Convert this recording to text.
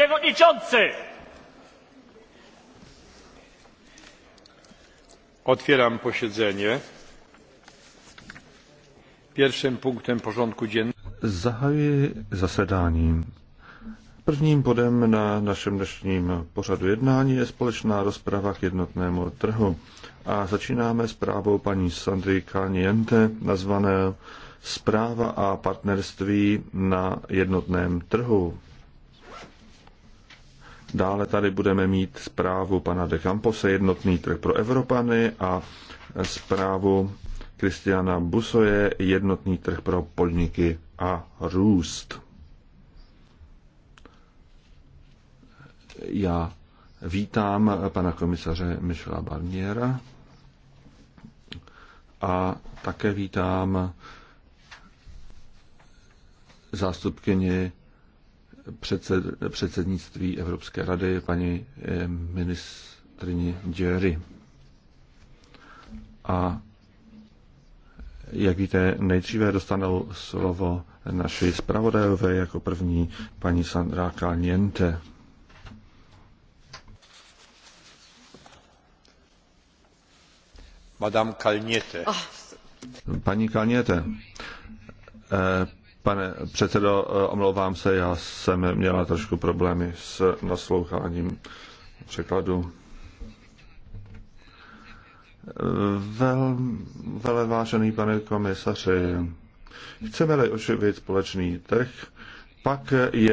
przewodniczący! Otwieram posiedzenie. Pierwszym punktem porządku dziennego. Zahajuji zasedání. Prvním bodem na našem dnešním pořadu jednání je společná rozprava k jednotnému trhu. A začínáme s právou paní Sandry Kaniente, nazvané Zpráva a partnerství na jednotném trhu. Dále tady budeme mít zprávu pana de Campose, jednotný trh pro Evropany a zprávu Kristiana Busoje, jednotný trh pro podniky a růst. Já vítám pana komisaře Michela Barniera a také vítám zástupkyni předsed, předsednictví Evropské rady paní eh, ministrině Jerry. A jak víte, nejdříve dostanou slovo naši zpravodajové jako první paní Sandra Kalniente. Madame Kalniete. Paní Kalniete, eh, Pane předsedo, omlouvám se, já jsem měla trošku problémy s nasloucháním překladu. Vel, vele vážený pane komisaři, chceme-li oživit společný trh, pak je